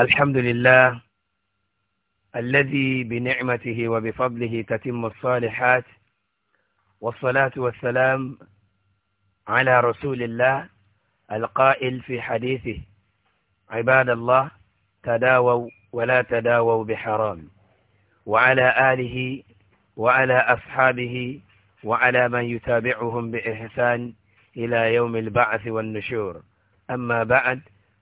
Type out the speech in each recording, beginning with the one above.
الحمد لله الذي بنعمته وبفضله تتم الصالحات والصلاة والسلام على رسول الله القائل في حديثه عباد الله تداووا ولا تداووا بحرام وعلى آله وعلى أصحابه وعلى من يتابعهم بإحسان إلى يوم البعث والنشور أما بعد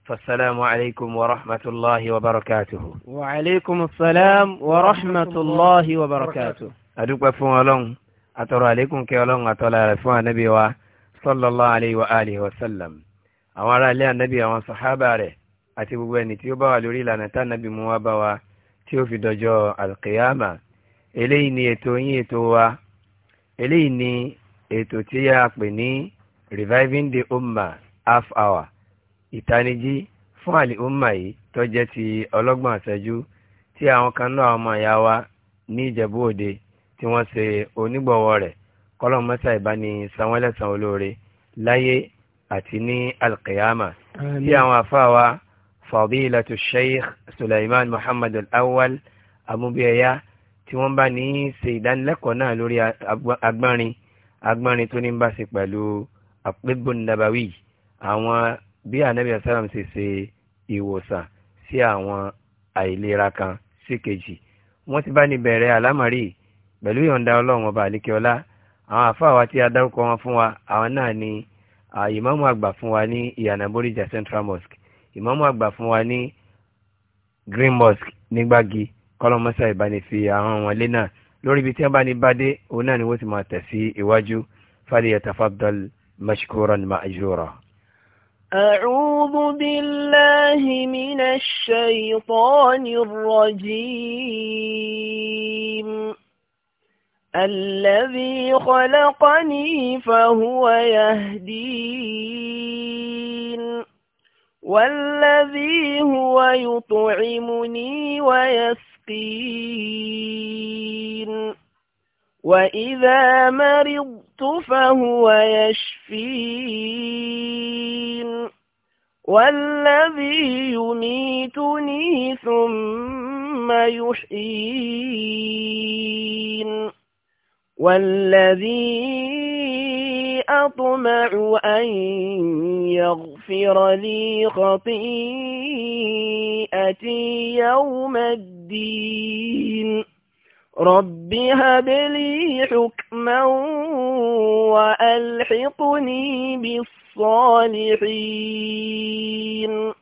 فالسلام عليكم ورحمة الله وبركاته وعليكم السلام ورحمة الله وبركاته أدوك بفون ألون أترى عليكم كي ألون أترى لفون النبي صلى الله عليه وآله وسلم أولا لي النبي وصحابة عليه àti gbogbo ẹni tí ó bá wà lórí ìlànà tá nàbí mú wá bá wa tí ó reviving the ummah half hour ìtanijí fún àlè umma yìí tó jẹ́ ti ọlọ́gbọ̀n àṣẹjú tí àwọn kan náà ọmọ ìyá wa ní ìjẹ̀bú òde tí wọ́n ṣe onígbọ̀wọ́ rẹ̀ kọ́lọ́ mọ́sá ìbáni sanwó-ẹlẹ́sàn olóore láyé àti ní alqiyama tí àwọn afáwa fadilatu sheikh suleiman muhammad al-awwal amúbíyẹyà tí wọ́n bá ní ṣe ìdánilẹ́kọ̀ọ́ náà lórí agbọ́nrin agbọ́nrin tó ní bá ṣe pẹ̀lú àpébùn nabawi àwọn bí anabi asalam ṣe ṣe ìwòsàn sí àwọn àìlera kan sí kejì wọ́n ti bá ní bẹ̀rẹ̀ àlámọ̀rí pẹ̀lú ìyọ̀ǹda ọlọ́run ọba àlekíọ́lá àwọn àfáàwá tí a dárúkọ wọn fún wa àwọn náà ni ìmáàmù àgbà fún wa ní ìyànà boríjà central mosque ìmáàmù àgbà fún wa ní green mosque nígbàgì kọlọmọsà ìbánifi àwọn ọmọ ilé náà lórí ibi tí wọ́n bá ní bá dé òun náà ni wọ́n ti máa tẹ̀ sí iwájú fàlìyàtàfàdàl mashkuran ma'jura. أعوذ بالله من الشيطان الرجيم الذي خلقني فهو يهدين والذي هو يطعمني ويسقين وإذا مرضت فهو يشفين والذي يميتني ثم يحيين والذي أطمع أن يغفر لي خطيئتي يوم الدين رب هب لي حكما وألحقني بالصالحين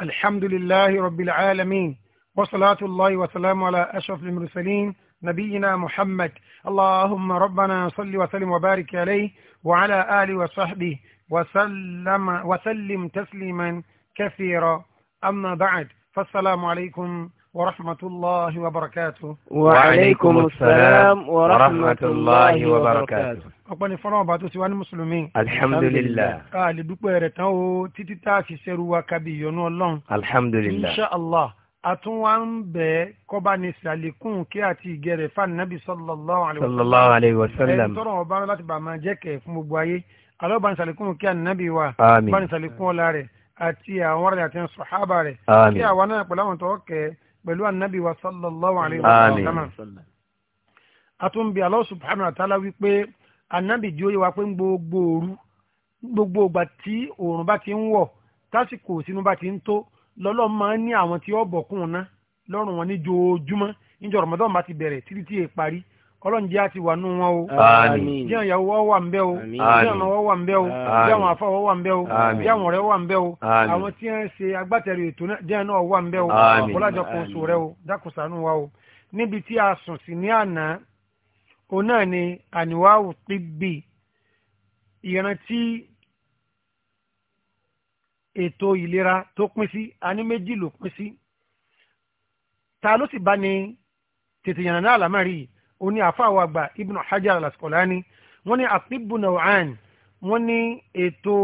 الحمد لله رب العالمين وصلاة الله وسلام على أشرف المرسلين نبينا محمد اللهم ربنا صل وسلم وبارك عليه وعلى آله وصحبه وسلم, وسلم تسليما كثيرا أما بعد فالسلام عليكم ورحمة الله وبركاته وعليكم السلام ورحمة الله وبركاته ọ̀pọ̀ni fọ́nà ọba tó ti wá ní mùsùlùmí. alhamdulilah. a lè dúpẹ́ rẹ̀ tán o títí tá a fi ṣerú wa kábí ìyọnú ọlọ́run. alhamdulilah. insha allah a tún wá ń bẹ kọ́ba ní sàlékún kí àti ìgẹ̀rẹ̀ fún nabi sallallahu alayhi wa sallam. sallallahu alayhi wa sallam. ẹ̀ tọrọ ọba láti bàá máa jẹ́ kẹ̀ fún gbogbo ayé alọ́ bá ní sàlékún kí ànábì wa. àmín bá ní sàlékún ọlá rẹ̀ àti àwọn rẹ̀ àti sàhábà rẹ̀. àmín kí àwa náà pẹ̀lú àwọn tó kẹ́ pẹ̀lú ànábì wa sallallahu alayhi wa sallam àtúnbí Allah subhanahu wa ta'ala wípé ànábì jí ó yẹ wa pé gbogbo òru gbogbo ìgbà tí òòrùn bá ti ń wọ̀ tásìkò sínú bá ti ń tó lọ́lọ́ máa ń ní àwọn tí ó bọ̀ kún un ná lọ́rùn wọn ní joojúmọ́ níjọ́ Ramadan bá ti bẹ̀rẹ̀ títí tí parí kọlọ́n jẹ́ àti wà nù wọn o jẹ́ àwọn ìyàwó wọ́n wà ń bẹ́ o jẹ́ àwọn ọmọ wà ń bẹ́ o jẹ́ àwọn afọ́ wọ́n wà ń bẹ́ o jẹ́ àwọn ọ̀rẹ́ wà ń bẹ́ o àwọn tí wọ́n ṣe agbátẹrù ètò jẹ́ náà wà ń bẹ́ o ọ̀pọ̀lájọ kan oṣù rẹ o dákùsànù wa o níbi tí a sùn sí ní àná òun náà ni àníwáwù píbì ìrántí ètò ìlera tó pín sí a ní méjì ló pín sí ta ló sì bá ní tètè yànnà náà oní àfáwà àgbà ibn hajar al-asqalani wọ́n ní àtibù naw'an wọ́n ní ètò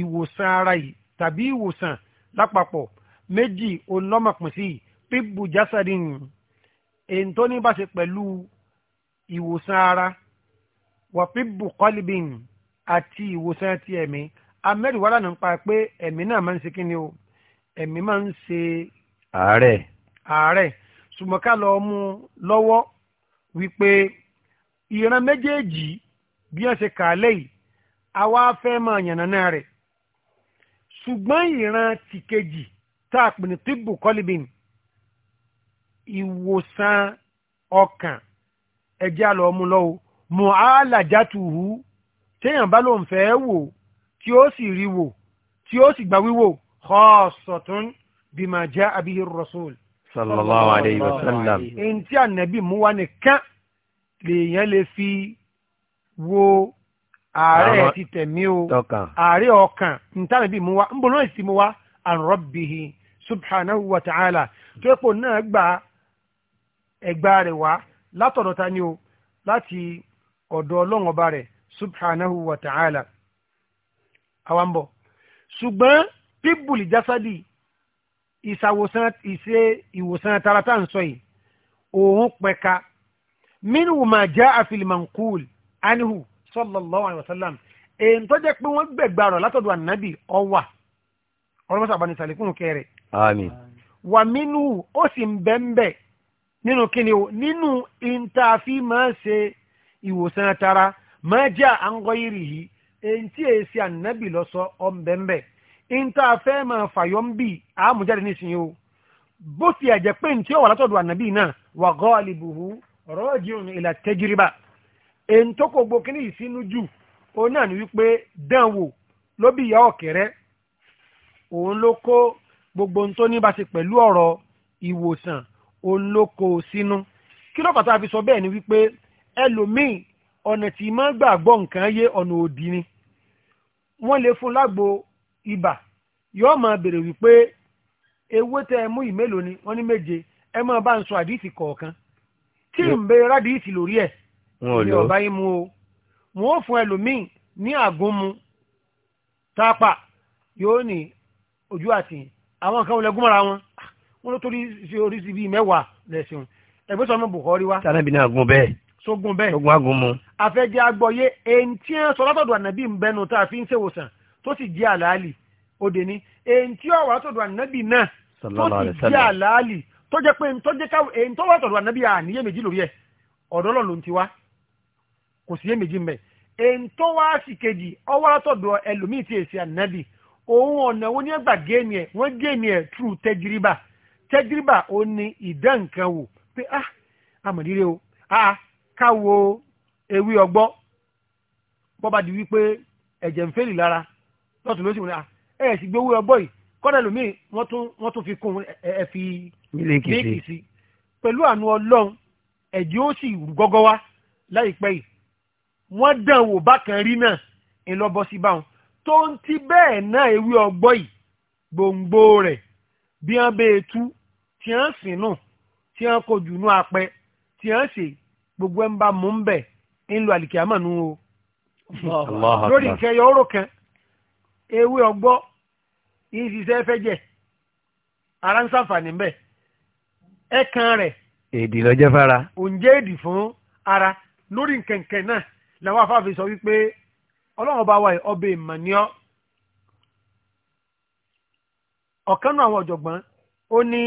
ìwòsàn ara yìí tàbí ìwòsàn lápapọ̀ méjì olọ́mọ̀pín sí tibbu jasadin èyí tó ní bá ṣe pẹ̀lú ìwòsàn ara wà tibbu qalbin àti ìwòsàn ti ẹ̀mí amẹ́rìíwá lànà ń pa pé ẹ̀mí náà máa ń ṣe kíni o ẹ̀mí máa ń ṣe. àárẹ̀. àárẹ̀ ṣùgbọ́n ká mú lọ́wọ́ wípé ìran méjèèjì bí wọ́n ṣe kà á lẹ́yìn àwa fẹ́ máa yànnàná rẹ̀ ṣùgbọ́n ìran tìkejì tá a pè ní tíbù kọ́líbìn ìwòsàn ọkàn ẹ̀jẹ̀ àlọ́mú lọ́wọ́ mọ̀álàjátùhù téèyàn bá lóun fẹ́ wò tí ó sì rí wò tí ó sì gbà wíwò kọ́ sọ̀tún abiyir rasul sallallahu alayhi wa sallam. èyí tí ànábì mú wá nìkan lèèyàn lè fi wo àárẹ̀ ti tẹ̀mí o àárẹ̀ ọkàn ntànábì mú wa nbọ̀nà ìsì mú wá an rabbihi subhanahu wa ta'ala tó epo náà gba ẹgbà rẹ̀ wá látọ̀dọ̀ ta ni o láti ọ̀dọ̀ ọlọ́run ọba rẹ̀ subhanahu wa ta'ala àwọn bọ̀ ṣùgbọ́n pípùlì ìṣàwòsàn ìṣe ìwòsàn tara tá à ń sọ yìí òun pẹ̀ka minhu ma jaa fil manqul anhu sallallahu alayhi wa sallam èyí tó jẹ́ pé wọ́n gbẹ̀gbà rọ̀ látọ̀dọ̀ ànábì ọwà ọlọ́mọsà bá ní kẹrẹ. àmín. wà minhu ó sì ń bẹ́ńbẹ́ nínú kíni o nínú ìntàfi máa ṣe ìwòsàn tara ma jaa an ghayrihi èyí tí èsì ànábì lọ ọ̀ ń bẹ́ńbẹ́ ìntà fẹ́ máa fàyọ́ ń bì àmújáde nísìnyí o bó ti ẹ̀jẹ̀ pé ní tí ó wà látọ̀dọ̀ ànábì náà wà gọ́ọ̀lìbùhù rọ́ọ̀jìun ìlà tẹ́jìrìbà èyí tó kò gbó kíní ìsínú jù òun náà ni wípé dán wò ló bí ìyá ọ̀kẹ́rẹ́ òun ló kó gbogbo ohun ní bá pẹ̀lú ọ̀rọ̀ ìwòsàn òun ló kó sínú kí ló pàtó àfi bẹ́ẹ̀ ni wípé ẹlòmíì ọ̀nà tí máa gbàgbọ́ nǹkan yé ọ̀nà òdì ni wọ́n lè fún lágbo ibà yóò máa béèrè wípé ewé tẹ ẹ mú yìí mélòó ni wọ́n ní méje ẹ máa bá ń sọ àdìsí kọ̀ọ̀kan tí ń bẹ rádìsí lórí ẹ̀ ní ọ̀bá yín mu o wọn ò fún ẹlòmíì ní àgúnmu tápà yóò ní ojú àti àwọn kan wọlé gúnmọ́ra wọn wọn ló torí sí oríṣi bíi mẹ́wàá lẹ́sìn ẹgbẹ́ sọ́nù Bukhari wa. tànàbí ní agun bẹ́ẹ̀. sógun bẹ́ẹ̀ sógun agun mu. àfẹ́jẹ́ agbọ̀yé èyí tí ń sọ ń bẹnu tá a fi ń ṣèwòsàn tó sì jẹ́ àlàálì òde ní èyí tí ó wà tọ̀dọ̀ ànábì náà tó sì jẹ́ àlàálì tó jẹ́ pé tó jẹ́ káwọ́ èyí tó wà tọ̀dọ̀ ànábì àníyé méjì lórí ẹ̀ ọ̀dọ́ lọ ló ń ti wá kò sí yé méjì mẹ́ èyí tó wá sì kejì ọwọ́ látọ̀dọ̀ ẹlòmíì tí èsì ànábì òun ọ̀nà wo ni ẹ gbà géèmì ẹ̀ wọ́n géèmì ẹ̀ tru tẹjiriba tẹjiriba ó ní ìdá nǹkan wò pé ah amọ̀díre o ah káwo ewé ọgbọ́ bọ́ba di wípé ẹ̀jẹ̀ ń fẹ́lì lára lọ́tún lóṣù náà ẹ sì gbowó ọgbọ́ yìí kọ́dà lómi wọ́n tún fi kún ẹ fi mílíkì sí pẹ̀lú àánú ọlọ́run ẹ̀jẹ̀ ó sì gọ́gọ́ wá láìpẹ́ yìí wọ́n dàn wò bákan rí náà ńlọ́bọ́ sí báwọn tó ń ti bẹ́ẹ̀ náà ewé ọgbọ́ yìí gbòǹgbò rẹ̀ bí wọ́n bẹ́ẹ̀ tú tí wọ́n sìn nù tí wọ́n kò jù nú apẹ tí wọ́n sì gbogbo ẹ̀ ń bá mú ń bẹ̀ ńlọ àlìkè àmọ́ nù o lórí ìkẹyọ̀ ọ̀rọ̀ kan ewé ọgbọ́ yìí ṣiṣẹ́ fẹ́ jẹ ara ń sàǹfààní mbẹ ẹ̀kan rẹ̀. èdè lọ́jọ́ fara. onje èdè fún ara lórí nkẹ̀kẹ̀ náà làwọn afáàfin sọ wípé ọlọ́run bá wà yìí ọbẹ̀ ìmọ̀nìyàn ọ̀kan àwọn ọ̀jọ̀gbọ́n ó ní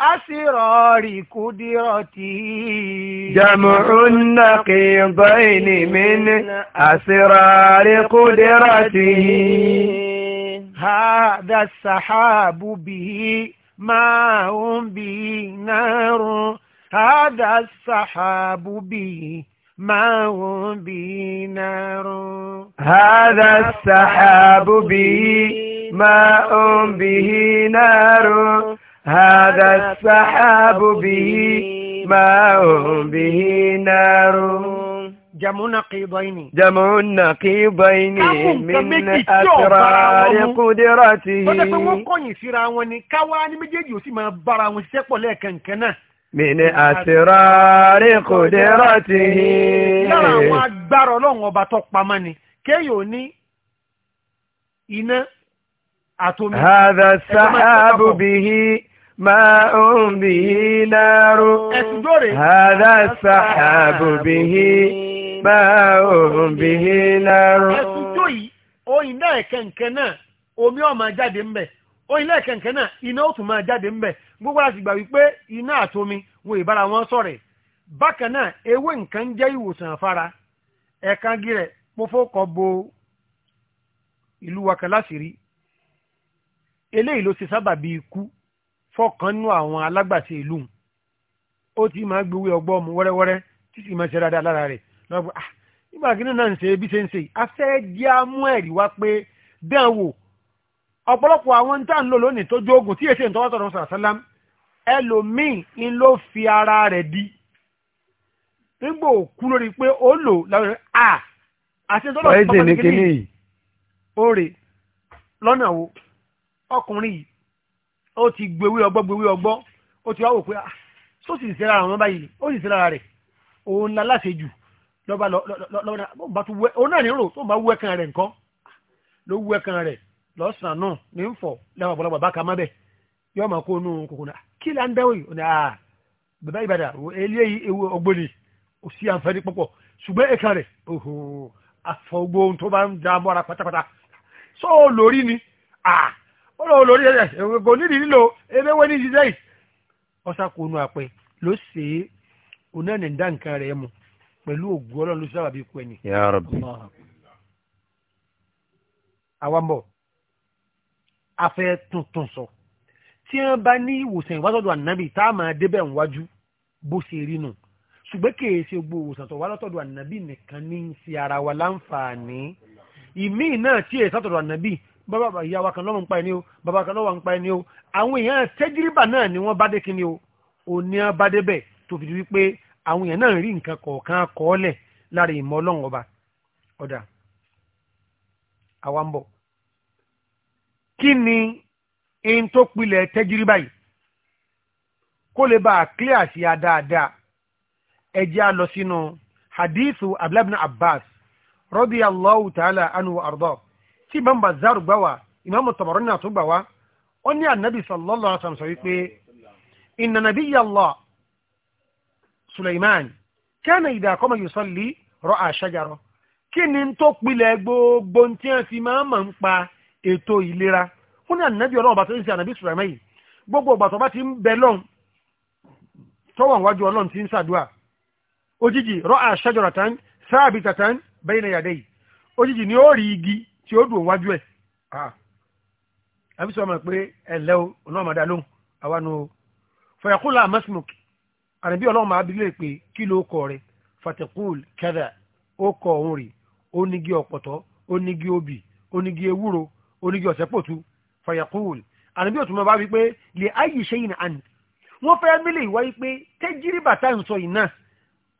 أسرار قدرتي جمع النقيضين من أسرار قدرته هذا السحاب به ما هم به نار هذا السحاب به ما هم به نار هذا السحاب به ما هم به نار هذا السحاب به ماء به نار جمع نقيضين جمع نقيضين من أسرار قدرته tọ́jà pé wọ́n kọ̀yìn síra wọn ni káwá ní méjèèjì ò sì máa bára wọn ṣiṣẹ́ pọ̀ lẹ́ẹ̀kankan náà. من أسرار قدرته. lára àwọn agbára ọlọ́run ọba tó pamọ́ ni kéèyàn ní iná àtomi. هذا السحاب به. Ma به نار هذا السحاب به ماء به نار oyin náà kẹ̀kẹ́ náà omi ó máa jáde ń bẹ̀ oyin náà kẹ̀kẹ́ náà iná ó tún máa jáde ń bẹ̀ gbogbo láti gbà wípé iná wọn ìbára wọn ṣọ̀rẹ́ bákan náà ewé nǹkan jẹ́ ìwòsàn bo ìlú wa fọkànnú àwọn alágbàṣe ìlú ó ti máa gbowó ọgbọ́n mu wẹ́rẹ́wẹ́rẹ́ tí sì máa ṣe dáadáa lára rẹ̀ lọ́gbọ́n ah nígbà kí náà ń ṣe bí ṣe ń ṣe afẹ́ jẹ́ amú ẹ̀rí wá pé bẹ́ẹ̀ wò ọ̀pọ̀lọpọ̀ àwọn tá à ń lò lónìí tó jóògùn tí èsì ìtọ́wọ́tọ̀ sàlám ẹlòmíì ń ló fi ara rẹ̀ di nígbà òkú lórí pé ó lò láwọn à àti ìtọ́lọ́sọ̀tọ̀ pàtàkì ní òòrè lọ́nà wo ọkùnrin yìí ó ti gbowé ọgbọ́ gbowé ọgbọ́ ó ti wá wò pé ah só sì sí lára àwọn báyìí ó sì sí lára rẹ̀ òun la láṣejù lọ́ba lọ́ba bá tún wẹ́ òun náà ní rò tó bá wẹ́ kan rẹ̀ nǹkan ló wẹ́ kan rẹ̀ lọ́sàn-án náà ní ń fọ̀ lẹ́wọ̀n ọ̀pọ̀lọpọ̀ bá ka má bẹ̀ yóò máa kó inú kòkòrò kí là ń dáwọ́ yìí ọ̀nà àà ah, bàbá ìbàdà eléyìí ewu ọgbọ́n ni kò sí àǹfààní púpọ̀ ṣùgbọ́n ẹ̀ka rẹ̀ òhò àfọ̀gbọ́n tó bá ń da mọ́ra pátápátá sọ́ọ́ lórí ni ah ó lọ lórí ẹ̀ kò nídìí lílo ewéwé ní ṣiṣẹ́ yìí ọ̀sàkónú àpẹ ló ṣe é oná ní dá nǹkan rẹ̀ mu pẹ̀lú ògùn ọlọ́run ló sábà bí kú ẹni. Ya Rabbi. àwa ń bọ̀ afẹ́ tuntun sọ tí wọ́n bá ní ìwòsàn ìwásọ̀dọ̀ ànábì tá a máa débẹ̀ níwájú bó ṣe rí nù ṣùgbọ́n kìí ṣe gbogbo ìwòsàn tó wá lọ́tọ̀dọ̀ ànábì nìkan ní í ara wa láǹfààní ìmíì náà tí èyí sátọ̀dọ̀ ànábì bàbá ìyá wa kan lọ́wọ́ ń pa ẹni o bàbá kan lọ́wọ́ ń pa ẹni o àwọn èèyàn tẹ́jìrìbà náà ni wọ́n bá dé kíni o òní bá débẹ̀ tó fi di wípé àwọn èèyàn náà rí nǹkan kọ̀ọ̀kan kọ́ọ́lẹ̀ lára ìmọ̀ ọlọ́run ọba ọ̀dà àwa ń bọ̀. kí ni in tó pilẹ̀ tẹ́jìrìbà yìí kó lè bá a clear sí a dáadáa ẹ jẹ́ a lọ sínú hadithu abdullahi abbas radiyallahu ta'ala anhu wa ardọ́. tí imam bazaru gbà wá imam tabarani àtún gbà wá ó ní anabi sallallahu alaihi wípé inna nabiyya allah suleiman kana idha qama yusalli ra'a shajara kí ni tó pilẹ̀ gbogbo tí wọ́n fi máa eto ń pa ètò ìlera fún ní ànábì ọlọ́run bàtọ́ ìsìn ànábì yìí gbogbo bàtọ́ bá ti ń bẹ lọ́n ọlọ́run ti ń òjijì tán sáàbì yìí tí ó dùn wájú ẹ̀ àbí sọ ma pé ẹ̀lẹ́ o ọ̀nà ọ̀mọ̀dá lóhùn àwa nu o fọyàkúlà mọ́sìmọ̀kì àrẹ̀bí ọlọ́run máa bilé pé kí ló kọ rẹ̀ fatikul kẹ́dà ó kọ òun rè onígi ọ̀pọ̀tọ́ onígi obì onígi ewúro onígi ọ̀sẹ̀pọ̀tù fọyàkúl àrẹ̀bí ọ̀tún máa bá wí pé lè ayé ṣe yìí àná wọ́n fẹ́ mílẹ̀ ìwá yìí pé tẹ́jírí bàtà ń sọ yìí náà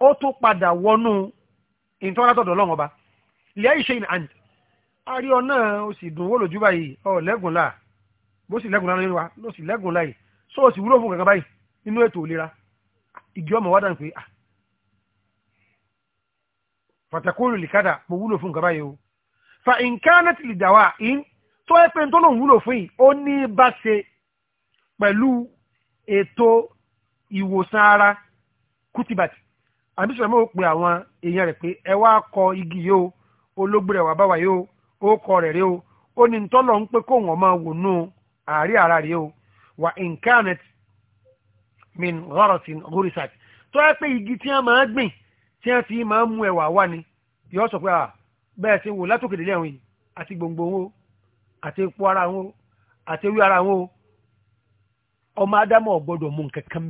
ó tó padà wọnú ìtọ́látọ̀dọ̀ ọlọ́run ọba lè ayé ṣe yìí àná àrí ọ náà o sì dùn wó lójú báyìí ọ lẹ́gùn láà bó sì lẹ́gùn láà lórí wa ló sì lẹ́gùn láà yìí sọ ọ sì wúlò fún kankan báyìí nínú ètò ìlera ìdí ọmọ wa dànù pé à pàtàkùrù lìkádà mo wúlò fún kankan báyìí o fa nkanat lè in tó ẹ pé tó lòun wúlò fún yìí ó ní bá ṣe pẹ̀lú ètò ìwòsàn ara kùtìbàtì àbí sọ̀rọ̀ mọ́ pé àwọn èèyàn rẹ̀ pé ẹ wá kọ igi yìí o ológbèrè ó kọ rẹ̀ rí o ó ní ntọ́lọ̀ ń pé kóhùn ọmọ wò nù àárí ara rí o wà incarnet min gharatin gorisat tó yẹ pé igi tí wọ́n máa gbìn tí wọ́n fi máa mú ẹwà wá ni yóò sọ pé à bẹ́ẹ̀ ṣe wò látòkè délé àwọn yìí àti gbòǹgbò wọn àti epo ara wọn àti ewé ara wọn ọmọ ádámọ̀ ò gbọ́dọ̀ mú nǹkan kan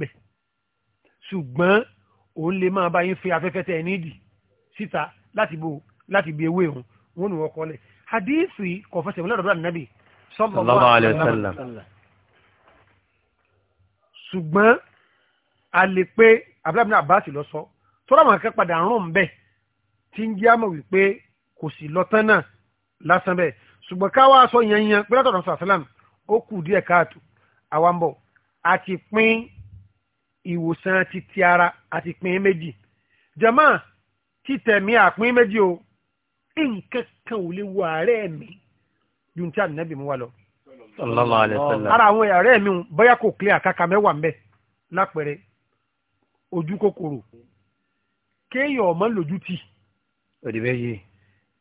òun lè máa bá yín fi afẹ́fẹ́ tẹ̀ nídìí síta láti bo láti bi ewé òun wọn ò ní wọ́n kọ́ lẹ̀ hadithi kò fẹsẹ̀ wọlé ọ̀dọ̀ ànábì sallallahu alaihi wasallam ṣùgbọ́n a lè pé abúlábí náà bá sì lọ sọ tọ́lá àwọn akẹ́kọ̀ọ́ padà rún bẹ́ẹ̀ tí ń jẹ́ àmọ̀ wípé kò sì lọ tán náà lásán bẹ́ẹ̀ ṣùgbọ́n káwá sọ yẹn yẹn pé látọ̀dọ̀ sàṣálàm ó kù díẹ̀ káàtó àwa ń bọ̀ a ti pín ìwòsàn ti ara a ti pín méjì jàmáà títẹ̀mí àpín méjì o nǹkan kan ò lè wo ààrẹ mi ju ti ànábì mu wa lọ. ara àwọn ààrẹ mi bóyá kò clear àkàkà mẹ́wàá ń bẹ̀ lápẹ̀rẹ̀ ojú kòkòrò kéèyàn ọmọ lójú tì. òdìbẹ́ yé.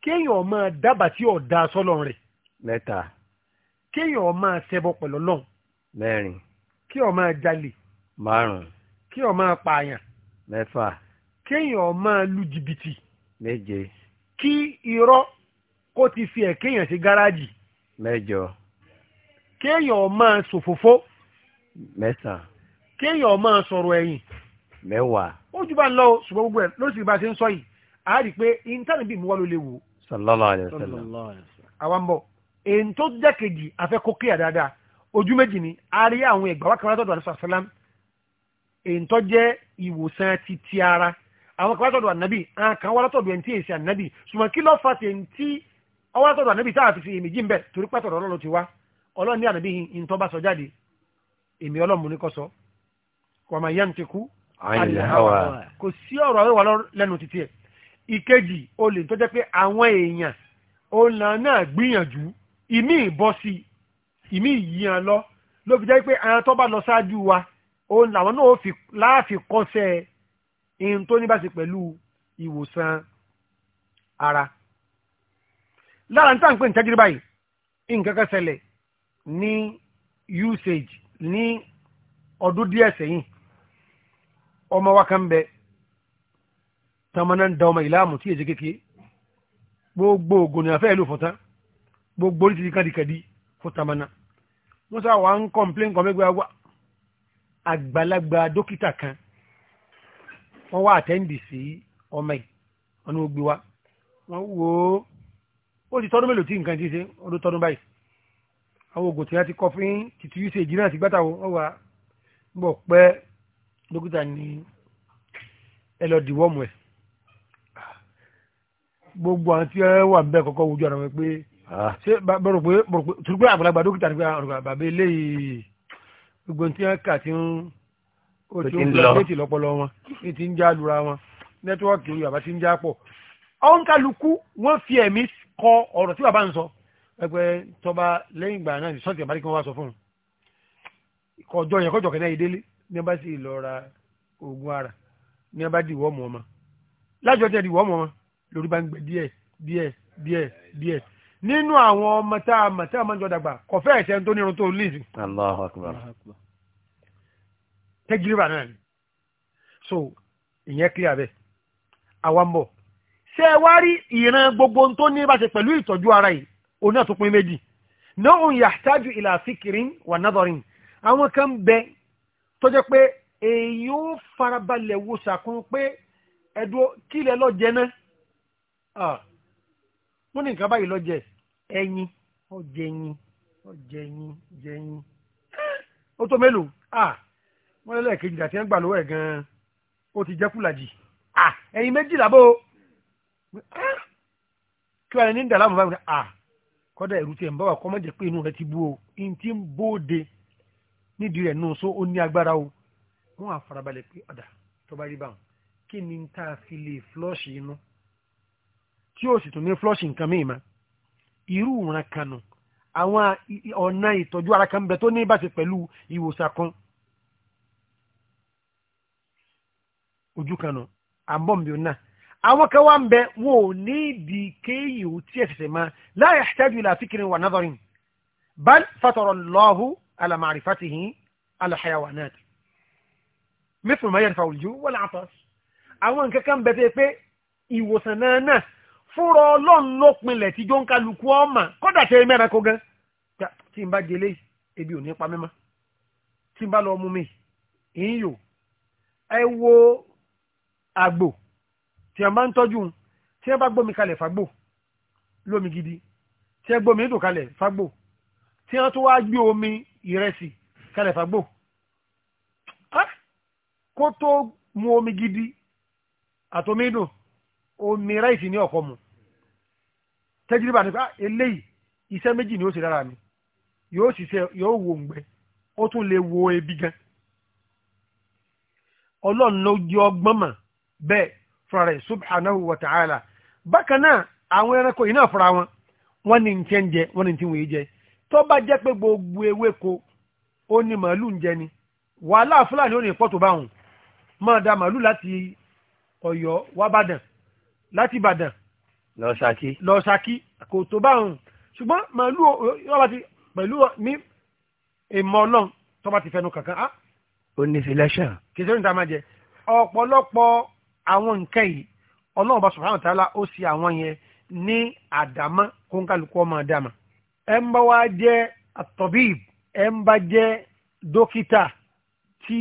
kéèyàn ọmọ dábàá tí ọ̀dà sọ́lọ̀ rẹ̀. mẹ́ta. kéèyàn ọmọ ṣẹbọ pẹ̀lú ọlọ́run. mẹ́rin. kí ọmọ jalè. márùn. kí ọmọ pààyàn. mẹ́fà. kéèyàn ọmọ lu jìbìtì. méje kí irọ́ kó ti fi ẹ̀kéèyàn sí gáràjì. mẹ́jọ. kéèyàn máa ṣòfófó. mẹ́sàn. kéèyàn máa sọ̀rọ̀ ẹ̀yìn. mẹ́wàá. ó jù bá ń lọ ṣùgbọ́n gbogbo ẹ̀ lóṣù bá ṣe ń sọ yìí a rí i pé intanet bí mo wá ló léwu. sallallahu alayhi wa sallam. àwa ń bọ̀ èyí tó jẹ́ kejì afẹ́kókè àdáadáa ojú méjì ni a rí àwọn ẹ̀gbà wákàtí wọn látọ̀dọ̀ àdúrà sàlám èyí tó jẹ́ ìwòsàn ti ara àwọn kan látọ̀dọ̀ ànábì àwọn kan wá látọ̀dọ̀ ẹni tí èsì ànábì ṣùgbọ́n kí ló fà ṣe ń tí ọwọ́ látọ̀dọ̀ ànábì tá a fi fi èméjì ń bẹ̀ torí pàtọ̀dọ̀ ọlọ́run ti wá ọlọ́run ní ànábì yìí tó bá sọ jáde èmi ọlọ́run ní kọ́ sọ wà máa yán ti kú kò sí ọ̀rọ̀ àwẹ̀wà lẹ́nu títí ẹ̀ ìkejì olè tó jẹ́ pé àwọn èèyàn ọ̀nà náà gbìyànjú ìmí ìbọ́ ihun tó ní bá ṣe pẹ̀lú ìwòsàn ara. lára ní táǹpé nìtajiri báyìí nǹkan kan ní usage ní ọdún díẹ̀ sẹ́yìn ọmọ wa kan bẹ tamana da ọmọ ìlàmù tí èjì kékeré gbogbo ògùn ìyàfẹ́ ìlú fún tán gbogbo orí ti kàdìkàdì fún tamana wọ́n sá wà ń kọ́ńplé mẹ́gbẹ́ wa àgbàlagbà dókítà kan wọ́n wá àtẹ́ǹdì sí ọmọ ẹ̀ wọ́n ní gbé wa wọ́n wò ó ó ti tọ́dún mélòó tí nǹkan ti ṣe ó ló tọ́dún báyìí àwọn oògùn tí wọ́n ti kọ́ fún títí yúṣe ìjì náà ti gbátà wọ́n wà bọ̀ pẹ́ dókítà ní ẹ lọ dìwọ́mù ẹ̀ gbogbo àwọn tí wọ́n wà bẹ́ẹ̀ kọ́kọ́ wojú ara wọn pé ah. ṣé bọ̀rọ̀ pé bọ̀rọ̀ pé tùrùkú àgbàlagbà dókítà ní pé àgbàlagbà bàbá eléyìí gbogbo ó ti ń lọ létí lọ́pọlọ wọn ní ti ń já lura wọn nẹ́tíwọ́ọ̀kì orí bàbá ti ń já pọ̀ ọ̀hún kálukú wọ́n fi ẹ̀mí kọ ọ̀rọ̀ tí bàbá ń sọ ẹgbẹ́ tọba lẹ́yìn ìgbà náà sọ́ọ̀tì àbárí kí wọ́n wá sọ fún un kọjọ yẹn kọjọ kẹ́nẹ́ ìdílé ní bá sì lọ ra oògùn ara ní bá dìwọ́ mọ́ ọmọ lájọ tẹ dìwọ́ mọ́ ọmọ lórí bá ń gbẹ díẹ̀ díẹ̀ díẹ̀ díẹ̀ nínú àwọn ọmọ tá a mọ̀ tá a mọ̀ jọ dàgbà kọ̀fẹ́ ẹ̀sẹ̀ tó nírun tó lè sùn. Allahu Akbar. Allahu Akbar tẹ́gírìbà náà ni so ìyẹn clear bẹ́ẹ̀ àwa ń bọ̀ ṣé ẹ wá rí ìran gbogbo tó ní bá ṣe pẹ̀lú ìtọ́jú ara yìí òun náà tó pín méjì náà yàtájú ìlà fíkìrín wà nádọ́rin àwọn kan bẹ tó jẹ́ pé èyí ó farabalẹ̀ wo ṣàkún pé ẹ̀dùn kílẹ̀ lọ́jẹ náà wọ́n ní nǹkan báyìí lọ́jẹ ẹyin ọjẹyin ọjẹyin jẹyin ó tó mélòó wọ́n lẹ́lẹ́ kejì àti ẹgbà lọ́wọ́ ẹ̀ gan-an ó ti jẹ́ fúlàjì ẹ̀yin méjìlá bó kí wàá ní ní dàlámù báyìí à kọ́dà ẹ̀rù tiẹ̀ ń bá wà kọ́ mọ́jẹ̀ pé inú rẹ̀ ti bú o in ti ń bóde nídìí rẹ̀ nù so ó ní agbára o wọ́n á farabalẹ̀ pé ọ̀dà tó bá rí báwọn kí ni tá a fi lè flọ́ọ̀ṣì inú tí ó sì tún ní flọ́ọ̀ṣì nǹkan míì ma irú ìran kanu àwọn ọ̀nà ìtọ́jú ara kan bẹ tó ní bá ṣe pẹ̀lú ìwòsàn kan ojú kan nù àbọ̀m̀bì ọ̀nà àwọn kan wá ń bẹ wọn ò ní ìdí kéyìí ò tí ẹ̀sẹ̀ máa la yahtaju ila fikrin wa nadharin bal fatara Allahu ala ma'rifatihi ala hayawanat mithlu ma yarfa'u al-ju' wal-'atas àwọn nǹkan kan bẹ tẹ́ pé ìwòsàn náà náà fúnra ọlọ́run ló pinlẹ̀ tí jọ ń kálukú ọmọ kódà tẹ́ mẹ́ra kó gan tí n bá jẹlé ebi ò ní pa mẹ́mọ́ tí n bá lọ mú mi èyí ẹ wo Agbo, tí a máa ń tọ́jú tí a bá gbómi kalẹ̀ fagbó lómi gidi tí a gbómi ìdò kalẹ̀ fagbó tí a tó wá gbé omi ìrẹsì kalẹ̀ fagbó ah! kó tó mu omi gidi àtomi ìdò omi ráìsì ní ọ̀kọ́ mu tẹ́jìlíbà nípa ah, eléyìí iṣẹ́ méjì ni ó ṣe lára mi yóò ṣiṣẹ́ yóò wo ǹgbẹ́ ó tún lè wo ebi gan ọlọ́run ló jẹ́ ọgbọ́n mọ̀ bẹ́ẹ̀ fúnra rẹ̀ subhanahu wa ta'ala bákan náà àwọn ẹranko yìí náà fúnra wọn wọ́n ní ntiẹ̀ ń jẹ wọ́n ní tí wọ́n yé jẹ tó bá jẹ́ pé gbogbo ewéko ó ní màálù ń jẹ ni wàhálà fúlàní ó ní pọ́tò báwọn máa da màálù láti ọ̀yọ́ wá bàdàn láti bàdàn lọ ṣákí lọ ṣákí kò tó báwọn ṣùgbọ́n màálù yóò bá ti pẹ̀lú mi ìmọ̀ ọlọ́run tó bá ti fẹnu kankan. Ah, ó ní selection. kìsìrì ní ta máa jẹ ọ̀pọ̀lọpọ̀ àwọn nǹkan yìí ọlọ́run bá subhanahu wa ta'ala ó sì àwọn yẹn ní àdámọ́ kó ń kálukú ọmọ àdámọ́ ẹ ń bá wá jẹ́ àtọ̀bíb ẹ ń bá jẹ́ dókítà tí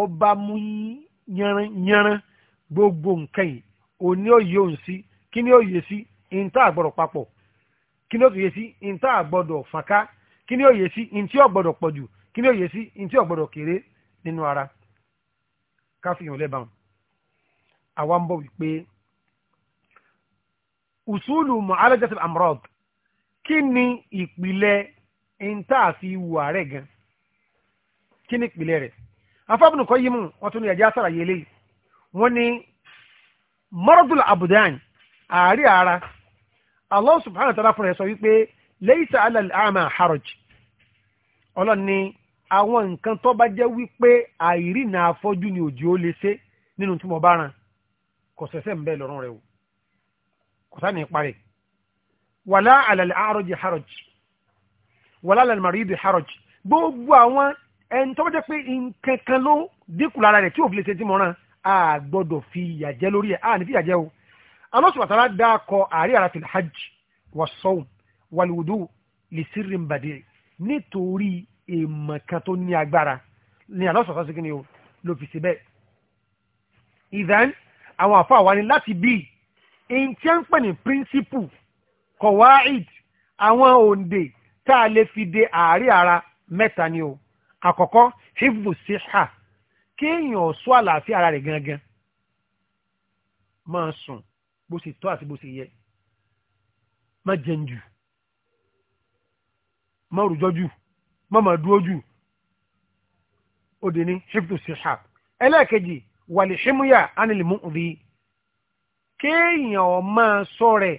ọba mú yẹran yẹran gbogbo nǹkan yìí òní òye òun sí kí ni òye sí ìntà àgbọ̀rọ̀ papọ̀ kí ni òye sí ìntà àgbọ̀dọ̀ fàká kí ni òye sí ìntì ọ̀gbọ̀dọ̀ pọ̀jù kí ni òye sí ìntì ọ̀gbọ̀dọ̀ kéré nínú ara káfíhàn lẹ́bàá. àwa ń bọ̀ wípé usulu mu'alajatul amrad kí ni ìpìlẹ̀ ìntàfi wù ààrẹ gan kí ni ìpìlẹ̀ rẹ̀ afábùnù kọ́ yìí mú wọn tún ní ẹ̀jẹ̀ àṣàlàyé ni abudan ààrí ara Allah subhanahu wa fún ẹ̀ sọ wípé 'ala al haraj ọlọ́ni àwọn nǹkan tó bá jẹ́ wípé àìrí nà afọ́jú ni òjò lè ṣe nínú kò sẹ̀sẹ̀ ń bẹ́ lọ́rùn rẹ̀ o kò sáà ní parí wàlá àlàlẹ̀ àròjì haroj wàlá àlàlẹ̀ màrídì haroj gbogbo àwọn ẹni tó bá jẹ́ pé nǹkan kan ló dínkù lára rẹ̀ tí ò fi lè ṣe tí mo rán a gbọ́dọ̀ fi ìyà jẹ lórí ẹ̀ a ní fi ìyà jẹ o alóṣù àtàrà dákọ àárẹ̀ ara fìlẹ̀ hajj wàsọ́ọ̀ wàlúwùdú lè sírì ń nítorí èèmọ̀ kan tó ní agbára ni alóṣù àtàrà sí kí ni o ló fi ṣe bẹ́ẹ̀ ìdán àwọn àfáà wa ni láti bí in tí a ń pè ní principle kọ̀wáìd àwọn òǹdè tá a lè fi de ààrí ara mẹ́ta ni o àkọ́kọ́ hifdu siha kéèyàn sọ àlàáfíà ara rẹ̀ gangan máa sùn bó ṣe tọ́ àti bó ṣe yẹ má jẹun jù má rùjọ jù má má dúró jù ó dè ní hifdu ẹlẹ́ẹ̀kejì wàlìṣímúyà ánìlìmúbi kéèyàn ó máa sọ rẹ̀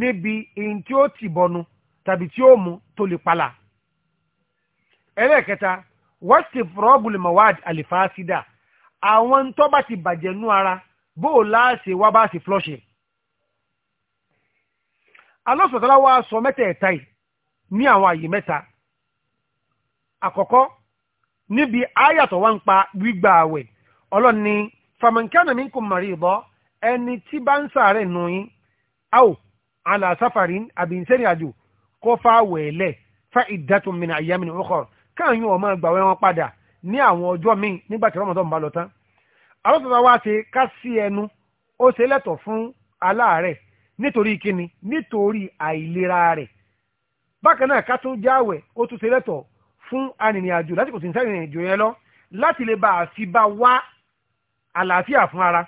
níbi èyí tí ó ti bọnu tàbí tí ó mú tó lè palà. ẹlẹ́ẹ̀kẹta wọ́ọ̀sì fúrọ́bùlì mọ̀wáàd àlìfáàsídà àwọn ń tọ́ bá ti bàjẹ́ nú ara bó o láàṣẹ wá bá sì flọ́ṣẹ̀. alọ́sọ̀tàlá wa sọ mẹ́tẹ̀ẹ̀ta yìí ní àwọn àyè mẹ́ta. àkọ́kọ́ níbi ayàtọ̀ wá ń pa gbígbà àwẹ̀ ọlọ́ni famankana minkum marido ẹni tí bá ń sàárẹ̀ nù yín aw ala safarin àbínsẹ́rìn àjò kó fa wẹ̀ẹ́lẹ̀ fa iddatun min ayyamin ukhar káàyàn ọmọ gbàwẹ̀ wọn padà ní àwọn ọjọ́ míì nígbà tí Ramadan bá lọ tán alọ́sọ̀tà wa ṣe ká sí ẹnu ó ṣe lẹ́tọ̀ fún aláàárẹ̀ nítorí kíni nítorí àìlera rẹ̀ bákan náà ká tún jáwẹ̀ ó tún ṣe lẹ́tọ̀ fún arìnrìn àjò lásìkò tí ń sẹ́rìn àjò yẹn lọ láti lè bá a fi bá wá àlàáfíà fún ara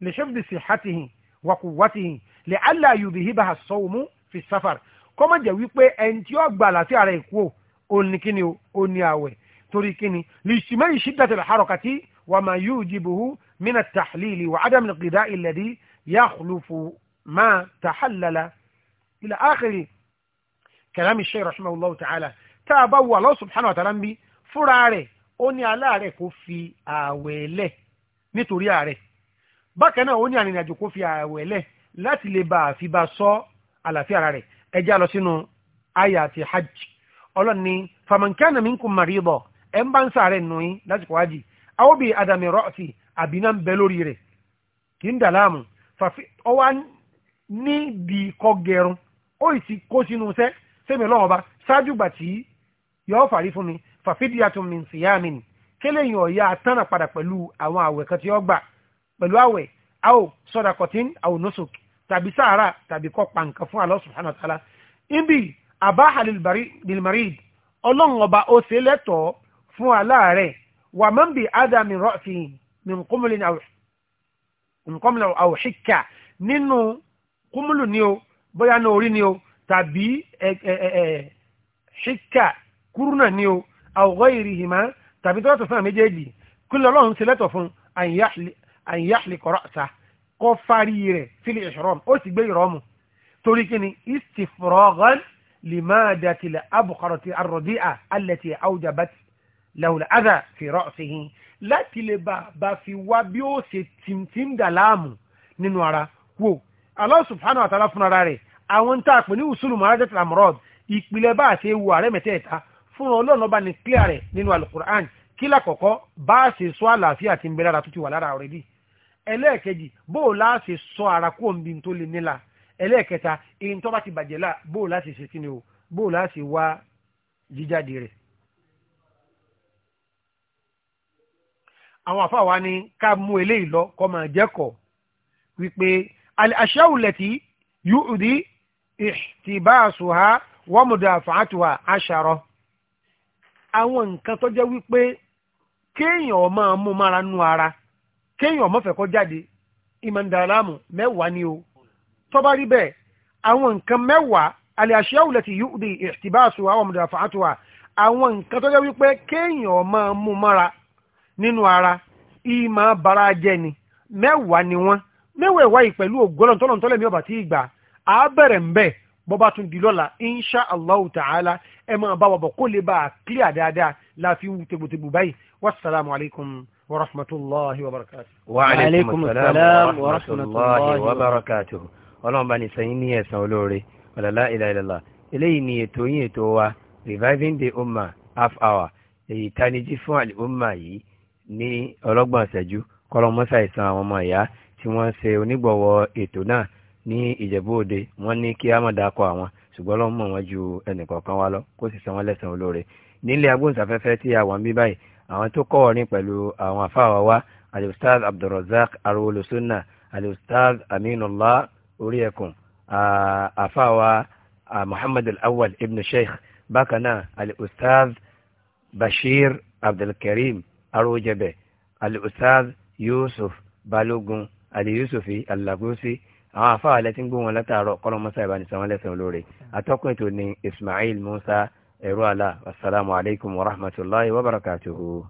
lè ṣẹ́fìdì sí hàtìhìn wàkùwàtìhìn lè àlà yòbí híbà sọ́wọ́mú fi sáfàr kọ́mọ̀ jẹ́ wípé ẹni tí ó gba àlàáfíà rẹ̀ kú ò ní kíni ò ní àwẹ̀ torí kíni lè ṣìmọ́ ìṣídàtẹ̀ àrọ̀kàtì wà máa yóò jìbìhù من التحليل وعدم الغذاء الذي يخلف ما تحلل إلى آخر كلام الشيخ رحمه الله تعالى تابوا الله سبحانه وتعالى فراري أني على ركو في آويله nítorí ààrẹ bákan náà ó ní àrìnrìnàjò kó fi ààwẹ̀ lẹ̀ láti lè bá àfibà sọ àlàáfíà ara rẹ̀ ẹjẹ́ lọ sínú àyà àti hajj ọlọ́run ní famankana minkum marido ẹ̀ ń bá ń sàárẹ̀ nù yín lásìkò hajj àwọn bíi adami rọ́ọ̀tì àbínà ń bẹ lórí rẹ̀ kì ń dà láàmú ọwá níbi kọ́ gẹrun ó ì ti kó sínú sẹ́ sẹ́mi ọlọ́run ọba ṣáájú gbà tí yọ fàrí fún mi fàfídíyàtun min siyamin kéléyìn ọ̀yà àtànà padà pẹ̀lú àwọn àwẹ̀ kan tí ó gbà pẹ̀lú àwẹ̀ a ò sọ̀dà kọ̀tín a ò nọ́sọ̀k tàbí sàárà tàbí kọ́ pa nǹkan fún Allah subhanahu wa ta'ala ibi àbáhà lilmarid ọlọ́run ọba ó ṣe lẹ́tọ̀ọ́ fún aláàárẹ̀ wà mọ́ bí adam rọ́ọ̀fìn nìkúmùlì àwòṣíkà nínú kúmùlù ni o bóyá ní orí ni o tàbí ṣíkà kúrúnà ni o àwòrán ìrìhìmá tàbí tó látọ̀ sọ́nà méjèèjì kí lọ́lọ́run ṣe lẹ́tọ̀ fún àyíyáhìlì kọ́rọ̀ sa kó fárí rẹ̀ sílé ìṣòrọ̀mù ó sì gbé ìrọ̀mù torí kí ni istifrogan limadati la abukarati arodi'a alẹ́tì awjabati lahula adha fi ra'sihi láti lè bá bá fi wá bí ó ṣe tìǹtìǹ dà láàmú nínú ara wò Allah subhanahu wa ta'ala fúnra rẹ̀ àwọn tá a pè ní usulu maradat al ìpìlẹ̀ bá a ṣe wo ààrẹ mẹ́tẹ̀ẹ̀ta fún ọlọ́run ọba ní clear rẹ̀ nínú alukur'an kí lákọ̀ọ́kọ́ bá a ṣe sọ àlàáfíà tí ń bẹ lára tó ti wà lára ọ̀rẹ́dì ẹlẹ́ẹ̀kejì bó o láà ṣe sọ ara kó omi tó lè nílà ẹlẹ́ẹ̀kẹta èyí tó bá ti bàjẹ́ là bó o láà ṣe ṣe kí ni o bó o láà ṣe wá jíjáde rẹ̀. àwọn àfáà wa ni ká mú eléyìí lọ kọ́ máa jẹ́kọ̀ wípé aṣáwùlẹ̀tì yúùdí ìtìbáṣùhá wọ́mùdàfàátùhá aṣàrọ̀ àwọn nǹkan tó jẹ́ wípé kéèyàn ọmọ mú mára nú ara kéèyàn ọmọ fẹ̀kọ́ jáde ìmọ̀ndàlámù mẹ́wàá ni o tó rí bẹ́ẹ̀ àwọn nǹkan mẹ́wàá alẹ́ àṣẹ ti yu di ìtìbáṣu àwọn ọmọdé àfàátù awọn àwọn nǹkan tó wípé kéèyàn ọmọ mú mára nínú ara ìmọ̀ bara jẹ́ ni mẹ́wàá ni wọn mẹ́wàá mi ọba tí ì gbà á bẹ̀rẹ̀ insha allahu ta'ala ẹ máa bá wa bọ̀ kó lè bá a clear dáadáa láàfin والسلام عليكم ورحمة الله وبركاته وعليكم السلام ورحمة الله وبركاته ọlọ́run bá ní سولوري. ní لا olóore ọ̀làlá ìlàìlàlà eléyìí ni ètò reviving the umma half hour èyí tanijí fún àlè umma yìí ní ọlọ́gbọ̀n ṣẹ́jú kọ́lọ́mọ́sá ìsan àwọn ọmọ ìyá tí wọ́n ṣe onígbọ̀wọ́ ètò náà ní ìjẹ̀bú òde wọ́n ní kí á má dákọ̀ àwọn ṣùgbọ́n lọ́mọ wọn ju ẹnìkọ̀ọ̀kan wa lọ kó sì san wọ́n lẹ́san olóore nílé agbóhùnsáfẹ́fẹ́ tí a wà ń bí báyìí àwọn tó kọ́ orin pẹ̀lú àwọn afáwa wa alustaz abdulrazak arwolosunna alustaz aminullah oríẹkùn afáwa muhammad al-awwal ibn sheikh bákan náà alustaz bashir abdulkarim arwojẹbẹ alustaz yusuf balógun aliyusufi alagusi àwọn afáwa lẹ́tí ń gbóhùn látàárọ̀ kọ́lọ́mọ́sá ìbánisọ̀wọ́n lẹ́sẹ̀ olóore atọ́kùn ètò ní ismail musa ايروالا والسلام عليكم ورحمة الله وبركاته